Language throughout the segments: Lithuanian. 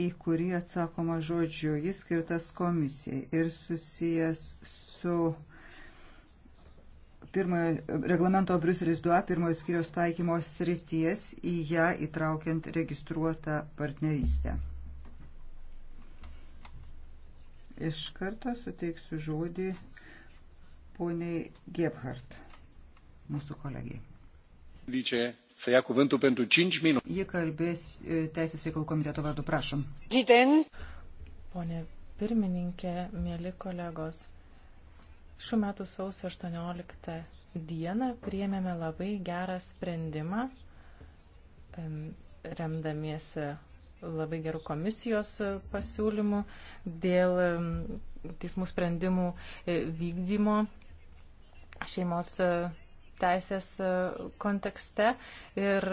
į kurį atsakoma žodžiu. Jis skirtas komisijai ir susijęs su pirmojo reglamento Briuselis 2 pirmojo skiriaus taikymo srities į ją įtraukiant registruotą partnerystę. Iš karto suteiksiu žodį poniai Gebhardt, mūsų kolegijai să ia cuvântul pentru 5 minute. Jie kalbės e, Teisės reikalų komiteto vardu, prašom. Ziden. Pone pirmininkė, mėly kolegos, šių metų sausio 18 dieną priėmėme labai gerą sprendimą, remdamiesi labai gerų komisijos pasiūlymų dėl teismų sprendimų e, vykdymo šeimos teisės e, kontekste. Ir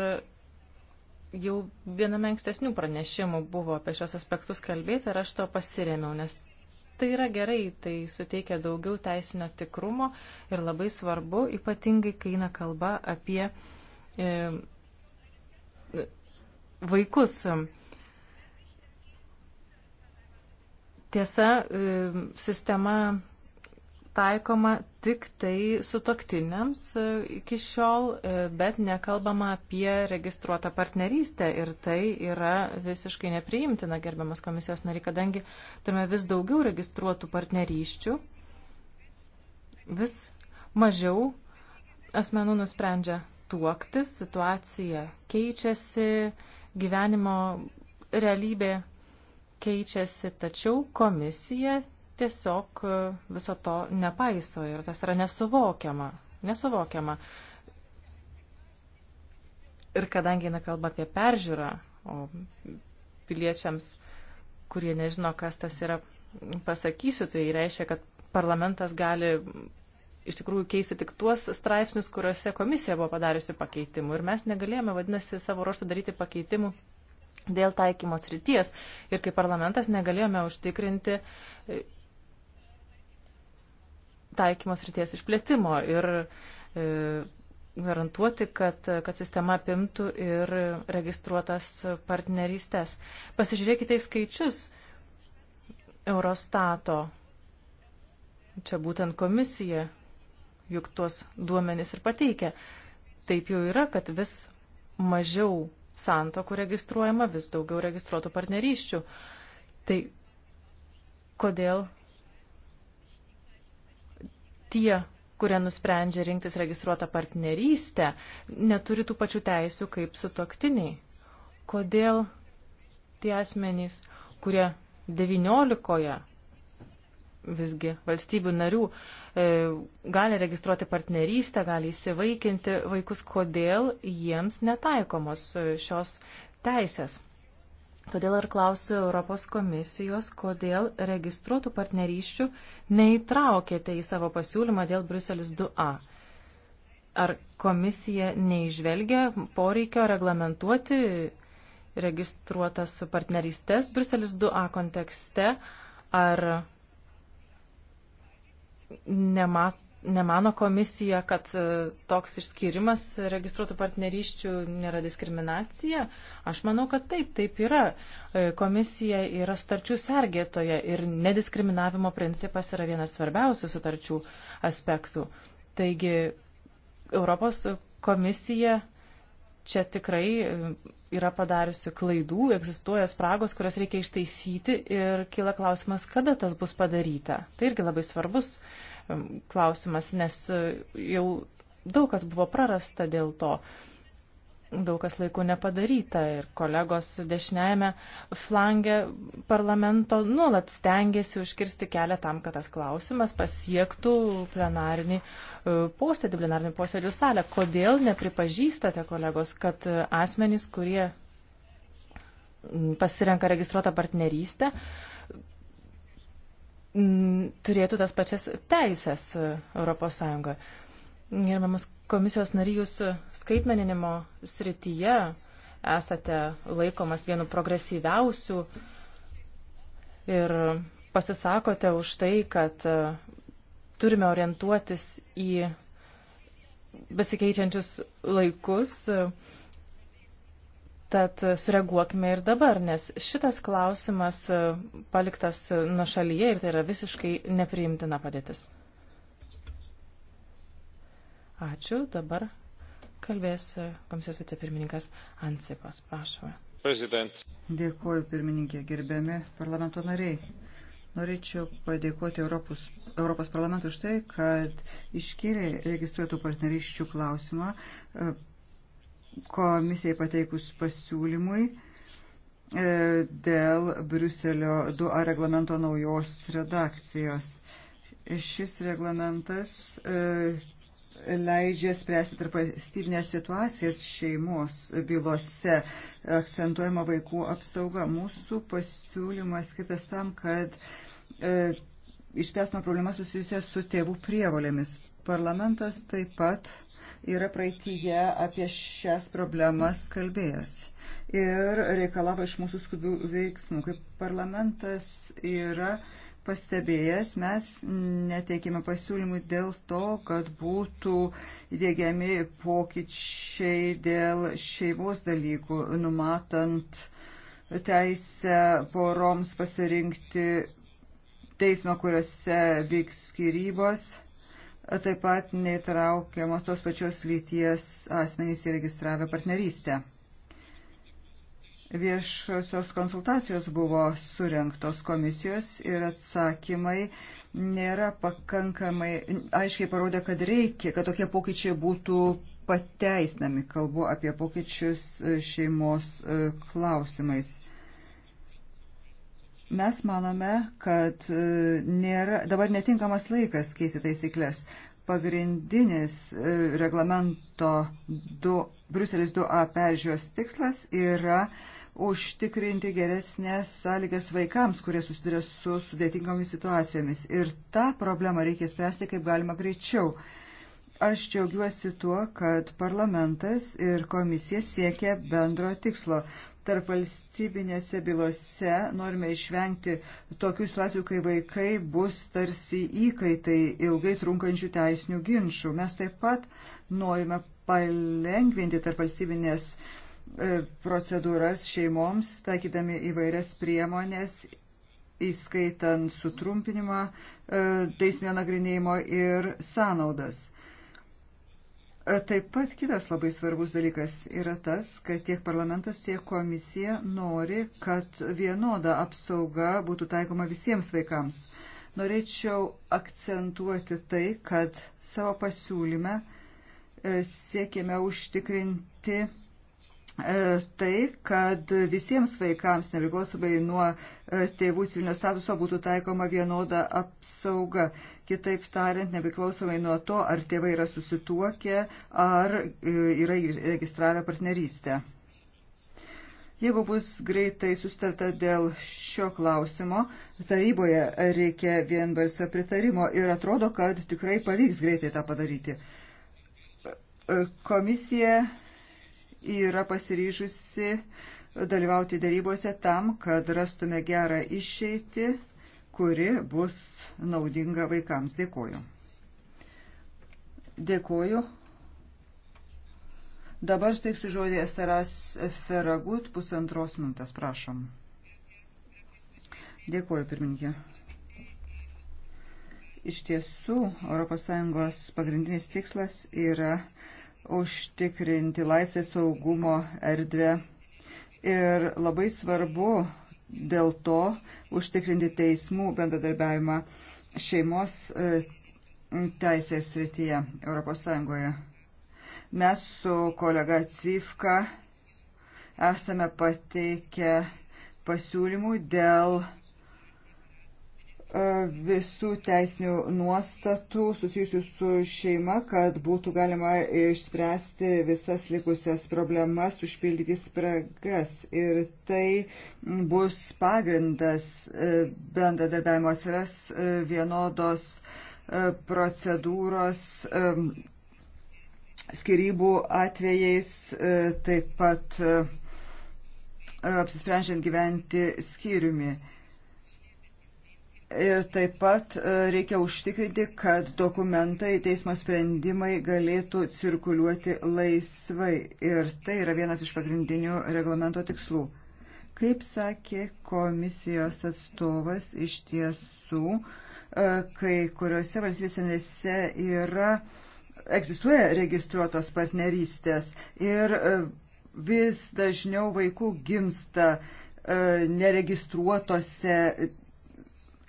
jau viename ankstesnių pranešimų buvo apie šios aspektus kalbėti ir aš to pasiremiau, nes tai yra gerai, tai suteikia daugiau teisinio tikrumo ir labai svarbu, ypatingai kai eina kalba apie e, vaikus. Tiesa, e, sistema taikoma tik tai sutoktiniams e, iki šiol, e, bet nekalbama apie registruotą partnerystę ir tai yra visiškai nepriimtina, gerbiamas komisijos nariai, kadangi turime vis daugiau registruotų partnerysčių, vis mažiau asmenų nusprendžia tuoktis, situacija keičiasi, gyvenimo realybė keičiasi, tačiau komisija tiesiog e, viso to nepaiso ir tas yra nesuvokiama. Nesuvokiama. Ir kadangi eina kalba apie peržiūrą, o piliečiams, kurie nežino, kas tas yra, pasakysiu, tai reiškia, kad parlamentas gali iš tikrųjų keisti tik tuos straipsnius, kuriuose komisija buvo padariusi pakeitimų. Ir mes negalėjome, vadinasi, savo ruoštų daryti pakeitimų dėl taikymos ryties. Ir kaip parlamentas negalėjome užtikrinti taikymos ryties išplėtimo ir e, garantuoti, kad, kad sistema apimtų ir registruotas partnerystės. Pasižiūrėkite į skaičius Eurostato. Čia būtent komisija juk tuos duomenis ir pateikia. Taip jau yra, kad vis mažiau santokų registruojama, vis daugiau registruotų partnerysčių. Tai kodėl tie, kurie nusprendžia rinktis registruotą partnerystę, neturi tų pačių teisių kaip sutoktiniai. Kodėl tie asmenys, kurie 19 visgi valstybių narių e, gali registruoti partnerystę, gali įsivaikinti vaikus, kodėl jiems netaikomos e, šios teisės. Todėl ir klausiu Europos komisijos, kodėl registruotų partnerysčių neįtraukėte į savo pasiūlymą dėl Bruselis 2A. Ar komisija neižvelgia poreikio reglamentuoti registruotas partnerystės Bruselis 2A kontekste, ar nemat, Nemano komisija, kad e, toks išskirimas registruotų partnerysčių nėra diskriminacija? Aš manau, kad taip, taip yra. E, komisija yra starčių sergėtoja ir nediskriminavimo principas yra vienas svarbiausių sutarčių aspektų. Taigi Europos komisija čia tikrai e, yra padariusi klaidų, egzistuoja spragos, kurias reikia ištaisyti ir kyla klausimas, kada tas bus padaryta. Tai irgi labai svarbus klausimas, nes e, jau daug kas buvo prarasta dėl to, daug kas laiku nepadaryta ir kolegos dešiniajame flange parlamento nuolat stengiasi užkirsti kelią tam, kad tas klausimas pasiektų plenarinį e, posėdį, plenarinį posėdžių salę. Kodėl nepripažįstate, kolegos, kad asmenys, kurie pasirenka registruotą partnerystę, uh, Mm, turėtų tas pačias teisės ES. Gerbiamas komisijos narys, jūs skaitmeninimo srityje esate laikomas vienu progresyviausių ir pasisakote už tai, kad e, turime orientuotis į besikeičiančius laikus Tad sureaguokime ir dabar, nes šitas klausimas e, paliktas e, nuošalyje ir tai yra visiškai nepriimtina padėtis. Ačiū. Dabar kalbės e, komisijos vicepirmininkas Ansipas. Prašome. President. Dėkuoju, pirmininkė, gerbiami parlamento nariai. Norėčiau padėkoti Europos, Europos parlamentui už tai, kad iškėlė registruotų partneriščių klausimą komisijai pateikus pasiūlymui e, dėl Briuselio 2A reglamento naujos redakcijos. Šis reglamentas e, leidžia spręsti tarp valstybinės situacijas šeimos bylose. Akcentuojama vaikų apsauga. Mūsų pasiūlymas skirtas tam, kad e, išspręstume problemas susijusias su tėvų prievolėmis. Parlamentas taip pat yra praeitįje apie šias problemas kalbėjęs ir reikalavo iš mūsų skubių veiksmų. Kaip parlamentas yra pastebėjęs, mes neteikėme pasiūlymų dėl to, kad būtų įdėgiami pokyčiai dėl šeimos dalykų, numatant teisę poroms pasirinkti teismą, kuriuose vyks skirybos taip pat neįtraukiamos tos pačios lyties asmenys įregistravę partnerystę. Viešosios konsultacijos buvo surinktos komisijos ir atsakymai nėra pakankamai aiškiai parodė, kad reikia, kad tokie pokyčiai būtų pateisinami. Kalbu apie pokyčius šeimos e, klausimais. Mes manome, kad e, nėra, dabar netinkamas laikas keisti taisyklės. Pagrindinis e, reglamento 2, Bruselis 2A peržiūros tikslas yra užtikrinti geresnės sąlygas vaikams, kurie susiduria su sudėtingomis situacijomis. Ir tą problemą reikia spręsti kaip galima greičiau. Aš džiaugiuosi tuo, kad parlamentas ir komisija siekia bendro tikslo tarp valstybinėse bylose norime išvengti tokių situacijų, kai vaikai bus tarsi įkaitai ilgai trunkančių teisinių ginčių. Mes taip pat norime palengvinti tarp valstybinės e, procedūras šeimoms, taikydami įvairias priemonės, įskaitant sutrumpinimą e, teisminio nagrinėjimo ir sąnaudas. Taip pat kitas labai svarbus dalykas yra tas, kad tiek parlamentas, tiek komisija nori, kad vienoda apsauga būtų taikoma visiems vaikams. Norėčiau akcentuoti tai, kad savo pasiūlyme e, siekėme užtikrinti E, tai, kad visiems vaikams nepriklausomai nuo e, tėvų civilinio statuso būtų taikoma vienoda apsauga. Kitaip tariant, nepriklausomai nuo to, ar tėvai yra susituokę, ar e, yra registravę partnerystę. Jeigu bus greitai sustarta dėl šio klausimo, taryboje reikia vienbalsio pritarimo ir atrodo, kad tikrai pavyks greitai tą padaryti. Komisija yra pasiryžusi dalyvauti darybose tam, kad rastume gerą išeitį, kuri bus naudinga vaikams. Dėkoju. Dėkoju. Dabar steiksiu žodį Esteras Feragut, pusantros minutės, prašom. Dėkuoju, pirmininkė. Iš tiesų, ES pagrindinis tikslas yra užtikrinti laisvę saugumo erdvę. Ir labai svarbu dėl to užtikrinti teismų bendradarbiavimą šeimos e, teisės srityje ES. Mes su kolega Cvifka esame pateikę pasiūlymų dėl E, visų teisinių nuostatų susijusių su šeima, kad būtų galima išspręsti visas likusias problemas, užpildyti spragas. Ir tai bus pagrindas e, bendradarbiavimo atsiras e, vienodos procedūros skirybų atvejais, taip pat apsisprendžiant gyventi skyriumi Ir taip pat e, reikia užtikrinti, kad dokumentai, teismo sprendimai galėtų cirkuliuoti laisvai. Ir tai yra vienas iš pagrindinių reglamento tikslų. Kaip sakė komisijos atstovas, iš tiesų, e, kai kuriuose valstybėse nese yra, egzistuoja registruotos partnerystės ir e, vis dažniau vaikų gimsta neregistruotose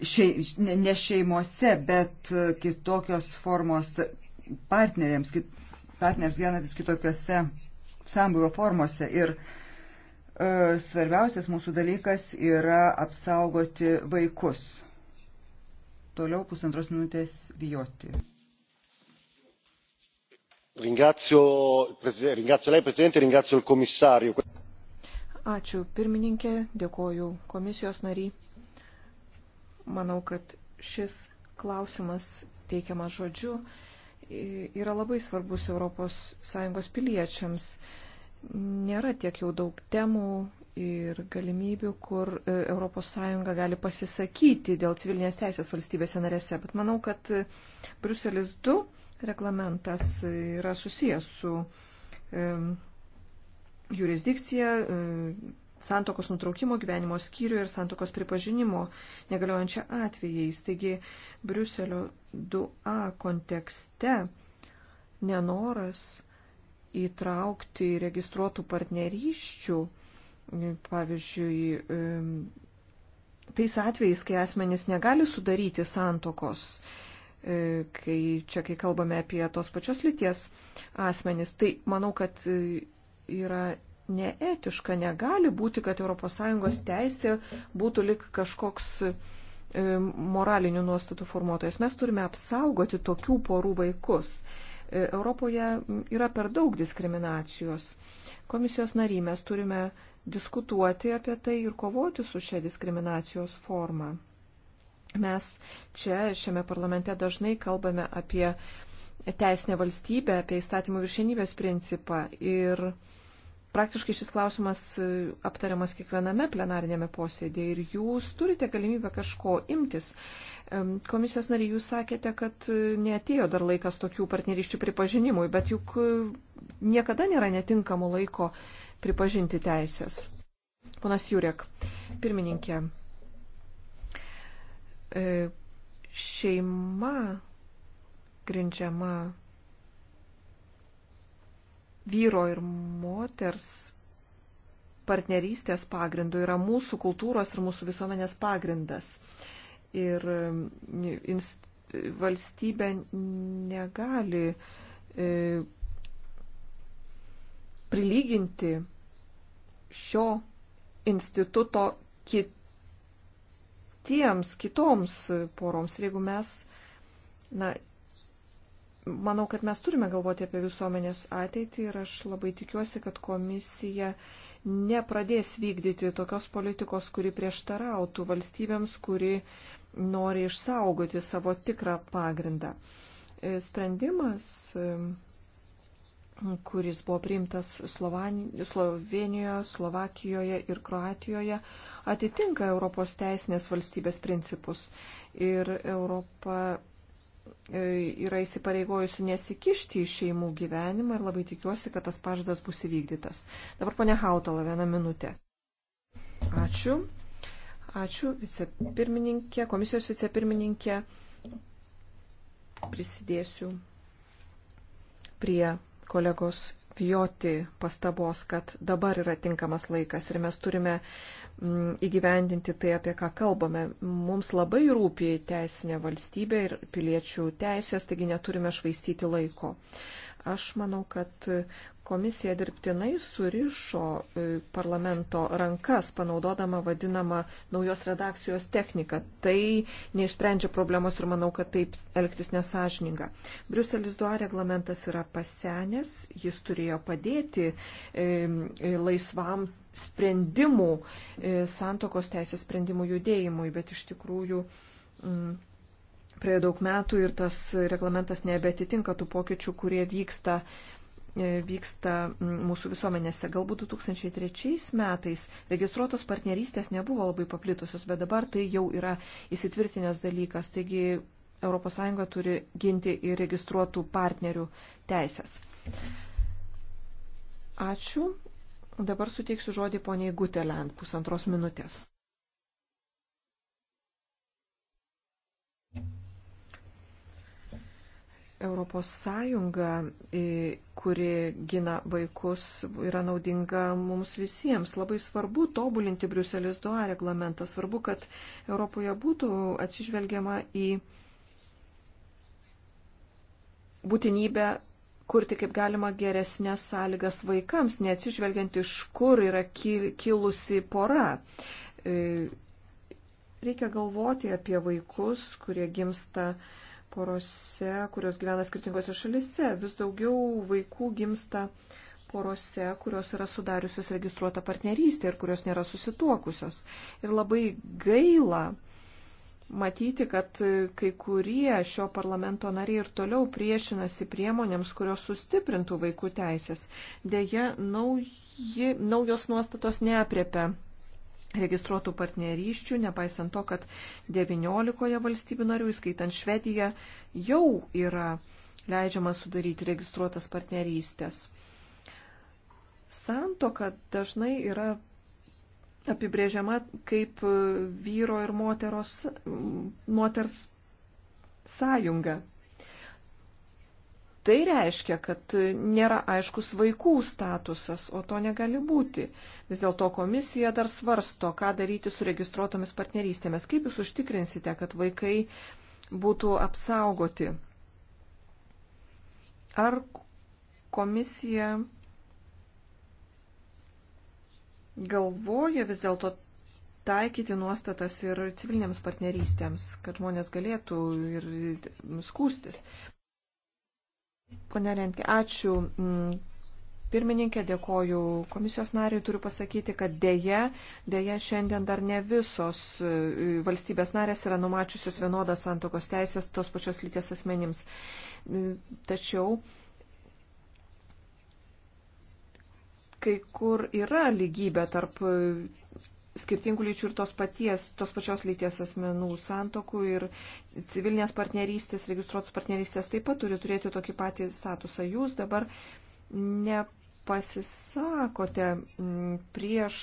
šei, ne šeimose, bet kitokios formos partneriams, kit, partneriams gyvenantis kitokiose sambūvio formose. Ir e, svarbiausias mūsų dalykas yra apsaugoti vaikus. Toliau pusantros minutės bijoti. Ringazio, ringazio lei, Presidente, ringazio il Commissario. Ačiū pirmininkė, dėkoju komisijos nariai. Manau, kad šis klausimas teikiamas žodžiu yra labai svarbus ES piliečiams. Nėra tiek jau daug temų ir galimybių, kur ES gali pasisakyti dėl civilinės teisės valstybėse narėse. Bet manau, kad e, Bruselis 2 reglamentas yra susijęs su jurisdikcija, e, santokos nutraukimo gyvenimo skyrių ir santokos pripažinimo negaliojančią atvejais. Taigi Briuselio 2A kontekste nenoras įtraukti registruotų partnerysčių, pavyzdžiui, tais atvejais, kai asmenys negali sudaryti santokos, e, kai čia, kai kalbame apie tos pačios lyties asmenys, tai manau, kad e, yra neetiška. Negali būti, kad ES teisė būtų lik kažkoks e, moralinių nuostatų formuotojas. Mes turime apsaugoti tokių porų vaikus. E, Europoje yra per daug diskriminacijos. Komisijos nary mes turime diskutuoti apie tai ir kovoti su šia diskriminacijos forma. Mes čia, šiame parlamente dažnai kalbame apie teisinę valstybę, apie įstatymų viršenybės principą ir uh, praktiškai šis klausimas e, aptariamas kiekviename plenarinėme posėdėje ir jūs turite galimybę kažko imtis. Komisijos nariai, jūs sakėte, kad e, neatėjo dar laikas tokių partneriščių pripažinimui, bet juk e, niekada nėra netinkamo laiko pripažinti teisės. Ponas Jurek, pirmininkė, šeima grindžiama vyro ir moters partnerystės pagrindu yra mūsų kultūros ir mūsų visuomenės pagrindas. Ir e, valstybė negali e, prilyginti šio instituto kitiems, kitoms poroms. Ir jeigu mes na, manau, kad mes turime galvoti apie visuomenės ateitį ir aš labai tikiuosi, kad komisija nepradės vykdyti tokios politikos, kuri prieštarautų valstybėms, kuri nori išsaugoti savo tikrą pagrindą. E, sprendimas, e, kuris buvo priimtas Slovenijoje, Slovakijoje ir Kroatijoje, atitinka Europos teisinės valstybės principus. Ir Europa E, yra įsipareigojusi nesikišti į šeimų gyvenimą ir labai tikiuosi, kad tas pažadas bus įvykdytas. Dabar ponia Hautala, vieną minutę. Ačiū. Ačiū vicepirmininkė, komisijos vicepirmininkė. Prisidėsiu prie kolegos Vijoti pastabos, kad dabar yra tinkamas laikas ir mes turime Mm, įgyvendinti tai, apie ką kalbame. Mums labai rūpi teisinė valstybė ir piliečių teisės, taigi neturime švaistyti laiko. Aš manau, kad komisija dirbtinai surišo e, parlamento rankas, panaudodama vadinamą naujos redakcijos techniką. Tai neišsprendžia problemos ir manau, kad taip elgtis nesažininga. Briuselis 2 reglamentas yra pasenęs, jis turėjo padėti e, laisvam sprendimų, e, santokos teisės sprendimų judėjimui, bet iš tikrųjų mm, praėjo daug metų ir tas reglamentas nebetitinka tų pokyčių, kurie vyksta, e, vyksta mm, mūsų visuomenėse. Galbūt 2003 metais registruotos partnerystės nebuvo labai paplitusios, bet dabar tai jau yra įsitvirtinęs dalykas. Taigi ES turi ginti ir registruotų partnerių teisės. Ačiū. Dabar suteiksiu žodį poniai Gutelent pusantros minutės. Europos Sąjunga, kuri gina vaikus, yra naudinga mums visiems. Labai svarbu tobulinti Briuselis 2 reglamentą. Svarbu, kad Europoje būtų atsižvelgiama į būtinybę kurti kaip galima geresnės sąlygas vaikams, neatsižvelgiant iš kur yra kilusi pora. E, reikia galvoti apie vaikus, kurie gimsta porose, kurios gyvena skirtingose šalise. Vis daugiau vaikų gimsta porose, kurios yra sudariusios registruotą partnerystę ir kurios nėra susituokusios. Ir labai gaila, matyti, kad kai kurie šio parlamento nariai ir toliau priešinasi priemonėms, kurios sustiprintų vaikų teisės. Deja, nauji, naujos nuostatos neapriepia registruotų partnerysčių, nepaisant to, kad 19 valstybių narių, įskaitant Švediją, jau yra leidžiama sudaryti registruotas partnerystės. Santoka dažnai yra apibrėžiama kaip vyro ir moteros, moters sąjunga. Tai reiškia, kad nėra aiškus vaikų statusas, o to negali būti. Vis dėlto komisija dar svarsto, ką daryti su registruotomis partnerystėmis. Kaip jūs užtikrinsite, kad vaikai būtų apsaugoti? Ar komisija galvoja vis dėlto taikyti nuostatas ir civilinėms partnerystėms, kad žmonės galėtų ir skūstis. Pone Renkė, ačiū. Mm, pirmininkė, dėkoju komisijos nariui, turiu pasakyti, kad dėje, dėje šiandien dar ne visos e, valstybės narės yra numačiusios vienodas santokos teisės tos pačios lyties asmenims. E, tačiau kai kur yra lygybė tarp e, skirtingų lyčių ir tos, paties, tos pačios lyties asmenų santokų ir civilinės partnerystės, registruotos partnerystės taip pat turi turėti tokį patį statusą. Jūs dabar nepasisakote prieš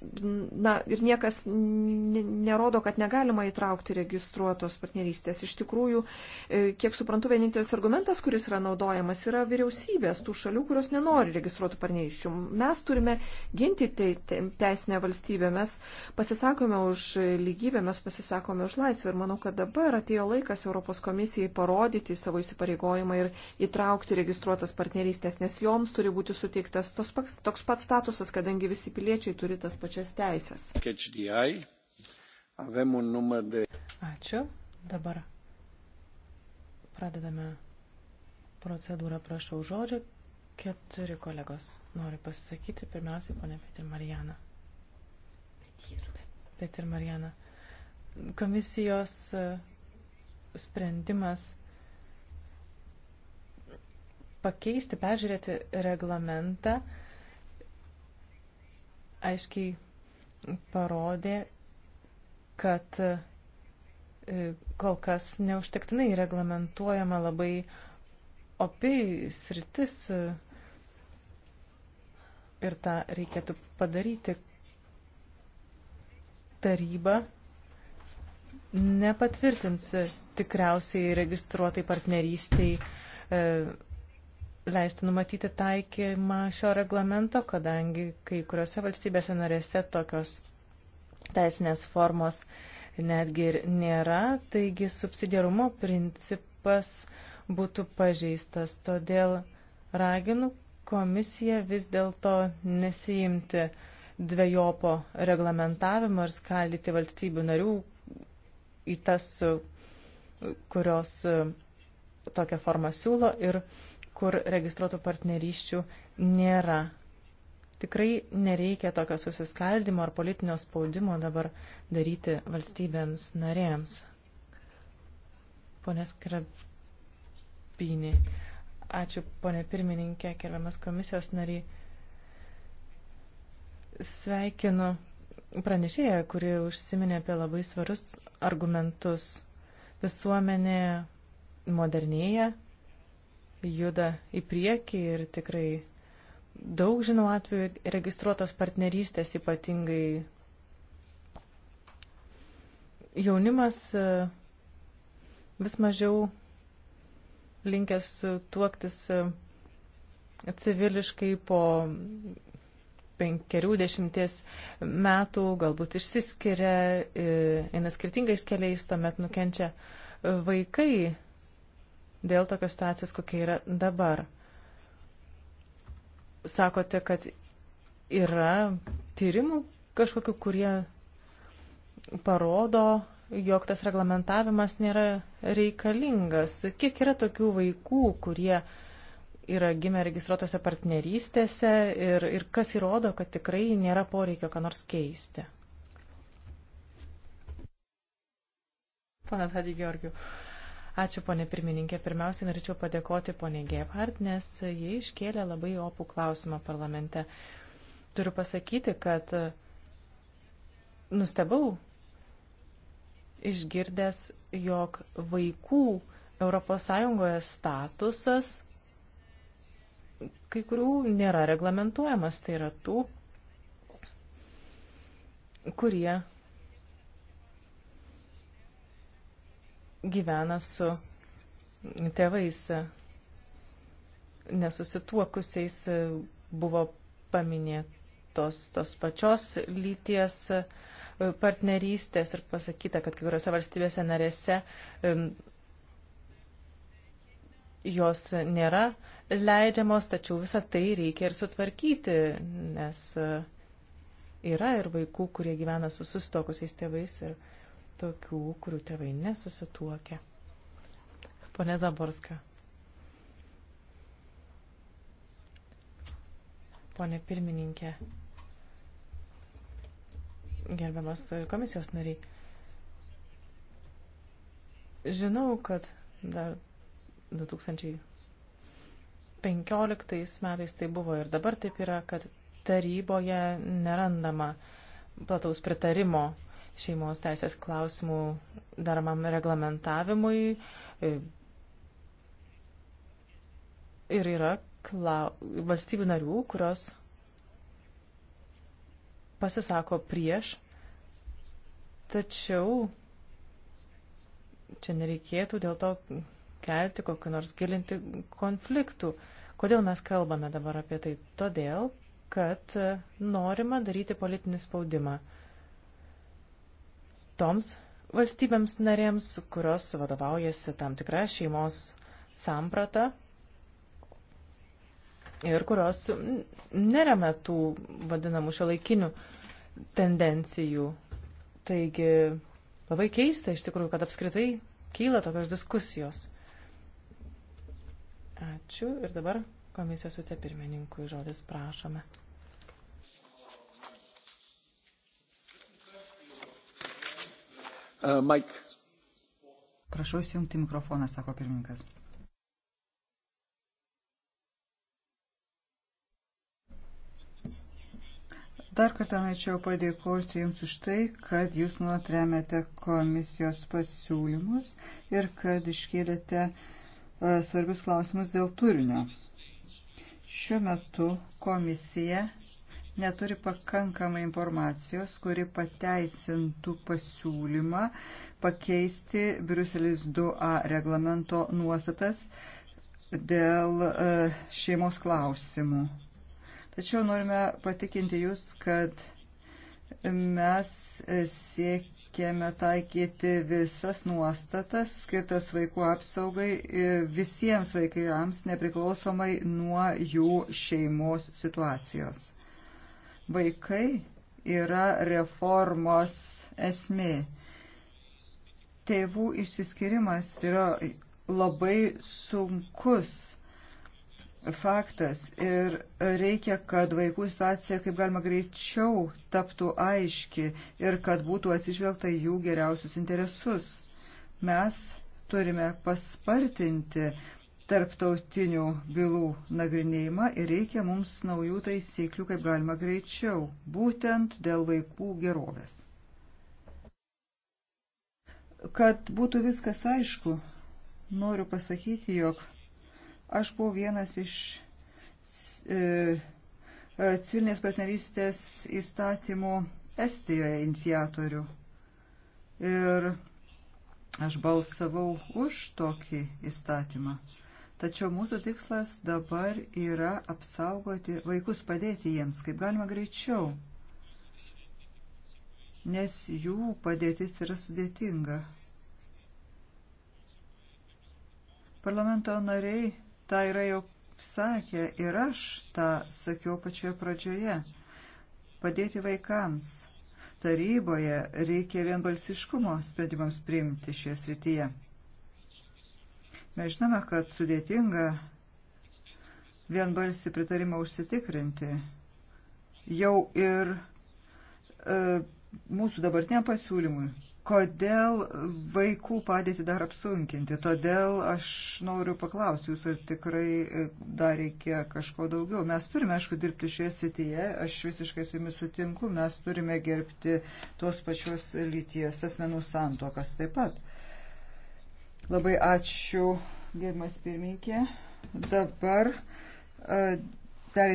na, ir niekas nerodo, kad negalima įtraukti registruotos partnerystės. Iš tikrųjų, e, kiek suprantu, vienintelis argumentas, kuris yra naudojamas, yra vyriausybės tų šalių, kurios nenori registruotų partnerysčių. Mes turime ginti te, te, teisinę valstybę, mes pasisakome už lygybę, mes pasisakome už laisvę ir manau, kad dabar atėjo laikas Europos komisijai parodyti savo įsipareigojimą ir įtraukti registruotas partnerystės, nes joms turi būti suteiktas tos, toks pats statusas, kadangi visi piliečiai turi tas pačias pačias teisės. Ačiū. Dabar pradedame procedūrą, prašau žodžio. Keturi kolegos nori pasisakyti. Pirmiausiai, ponė Petir Marijana. Petir Marijana. Komisijos e, sprendimas pakeisti, peržiūrėti reglamentą aiškiai parodė, kad e, kol kas neužtektinai reglamentuojama labai opi sritis e, ir tą reikėtų padaryti. Taryba nepatvirtins tikriausiai registruotai partnerystiai e, leisti numatyti taikymą šio reglamento, kadangi kai kuriuose valstybėse narėse tokios teisinės formos netgi ir nėra, taigi subsidiarumo principas būtų pažeistas. Todėl raginu komisiją vis dėlto nesijimti dviejopo reglamentavimo ir skaldyti valstybių narių į tas, kurios tokią formą siūlo ir kur registruotų partnerysčių nėra. Tikrai nereikia tokio susiskaldimo ar politinio spaudimo dabar daryti valstybėms narėms. Pone Skrabinį. Ačiū, ponė pirmininkė, gerbiamas komisijos nariai. Sveikinu pranešėją, kuri užsiminė apie labai svarus argumentus. Visuomenė modernėja, juda į priekį ir tikrai daug žinau atveju registruotos partnerystės, ypatingai jaunimas e, vis mažiau linkęs tuoktis e, civiliškai po penkerių dešimties metų, galbūt išsiskiria, e, eina skirtingais keliais, tuomet nukenčia vaikai dėl tokios situacijos, kokia yra dabar. Sakote, kad yra tyrimų kažkokiu, kurie parodo, jog tas reglamentavimas nėra reikalingas. Kiek yra tokių vaikų, kurie yra gimę registruotose partnerystėse ir, ir kas įrodo, kad tikrai nėra poreikio ką nors keisti? Panas Hadži Georgiu. Uh, Ačiū, ponė pirmininkė. Pirmiausiai norėčiau padėkoti ponė Gebhardt, nes jie iškėlė labai opų klausimą parlamente. Turiu pasakyti, kad nustebau išgirdęs, jog vaikų ES statusas kai kurių nėra reglamentuojamas, tai yra tų, kurie gyvena su tėvais nesusituokusiais buvo paminėtos tos pačios lyties partnerystės ir pasakyta, kad kai kuriuose valstybėse narėse jos nėra leidžiamos, tačiau visą tai reikia ir sutvarkyti, nes yra ir vaikų, kurie gyvena su sustokusiais tėvais ir tokių, kurių tėvai nesusituokia. Pone Zaborska. Pone pirmininkė, gerbiamas komisijos nariai, žinau, kad dar 2015 metais tai buvo ir dabar taip yra, kad taryboje nerandama plataus pritarimo uh, šeimos teisės klausimų daromam reglamentavimui. E, ir yra klau... valstybių narių, kurios pasisako prieš, tačiau čia nereikėtų dėl to kelti kokiu nors gilinti konfliktų. Kodėl mes kalbame dabar apie tai? Todėl, kad norima daryti politinį spaudimą toms valstybėms narėms, kurios vadovaujasi tam tikra šeimos samprata ir kurios neremia tų vadinamų šiolaikinių tendencijų. Taigi labai keista iš tikrųjų, kad apskritai kyla tokios diskusijos. Ačiū ir dabar komisijos vicepirmininkui žodis prašome. Uh, Mike. Prašau įsijungti mikrofoną, sako pirmininkas. Dar kartą norėčiau padėkoti Jums už tai, kad Jūs nuolat remiate komisijos pasiūlymus ir kad iškėlėte uh, svarbius klausimus dėl turinio. Šiuo metu komisija neturi pakankamai informacijos, kuri pateisintų pasiūlymą pakeisti Bruselis 2A reglamento nuostatas dėl e, šeimos klausimų. Tačiau norime patikinti Jūs, kad mes siekime siekiame taikyti visas nuostatas skirtas vaikų apsaugai e, visiems vaikams nepriklausomai nuo jų šeimos situacijos. Vaikai yra reformos esmė. Tėvų išsiskirimas yra labai sunkus faktas ir reikia, kad vaikų situacija kaip galima greičiau taptų aiški ir kad būtų atsižvelgta jų geriausius interesus. Mes turime paspartinti tarptautinių bylų nagrinėjimą ir reikia mums naujų taisyklių kaip galima greičiau, būtent dėl vaikų gerovės. Kad būtų viskas aišku, noriu pasakyti, jog aš buvau vienas iš e, e civilinės partnerystės įstatymų Estijoje iniciatorių. Ir aš balsavau už tokį įstatymą. E, Tačiau mūsų tikslas dabar yra apsaugoti vaikus, padėti jiems kaip galima greičiau, nes jų padėtis yra sudėtinga. Parlamento nariai tą yra jau sakė ir aš tą sakiau pačioje pradžioje. Padėti vaikams. Taryboje reikia vienbalsiškumo sprendimams priimti šioje srityje. Mes žinome, kad sudėtinga vienbalsį pritarimą užsitikrinti. Jau ir e, mūsų dabartiniam pasiūlymui, kodėl vaikų padėti dar apsunkinti. Todėl aš noriu paklausti jūsų, ar tikrai e, dar reikia kažko daugiau. Mes turime, aišku, dirbti šioje srityje, aš visiškai su jumis sutinku, mes turime gerbti tos pačios lyties asmenų santokas taip pat. Labai ačiū, gerimas pirmininkė. Dabar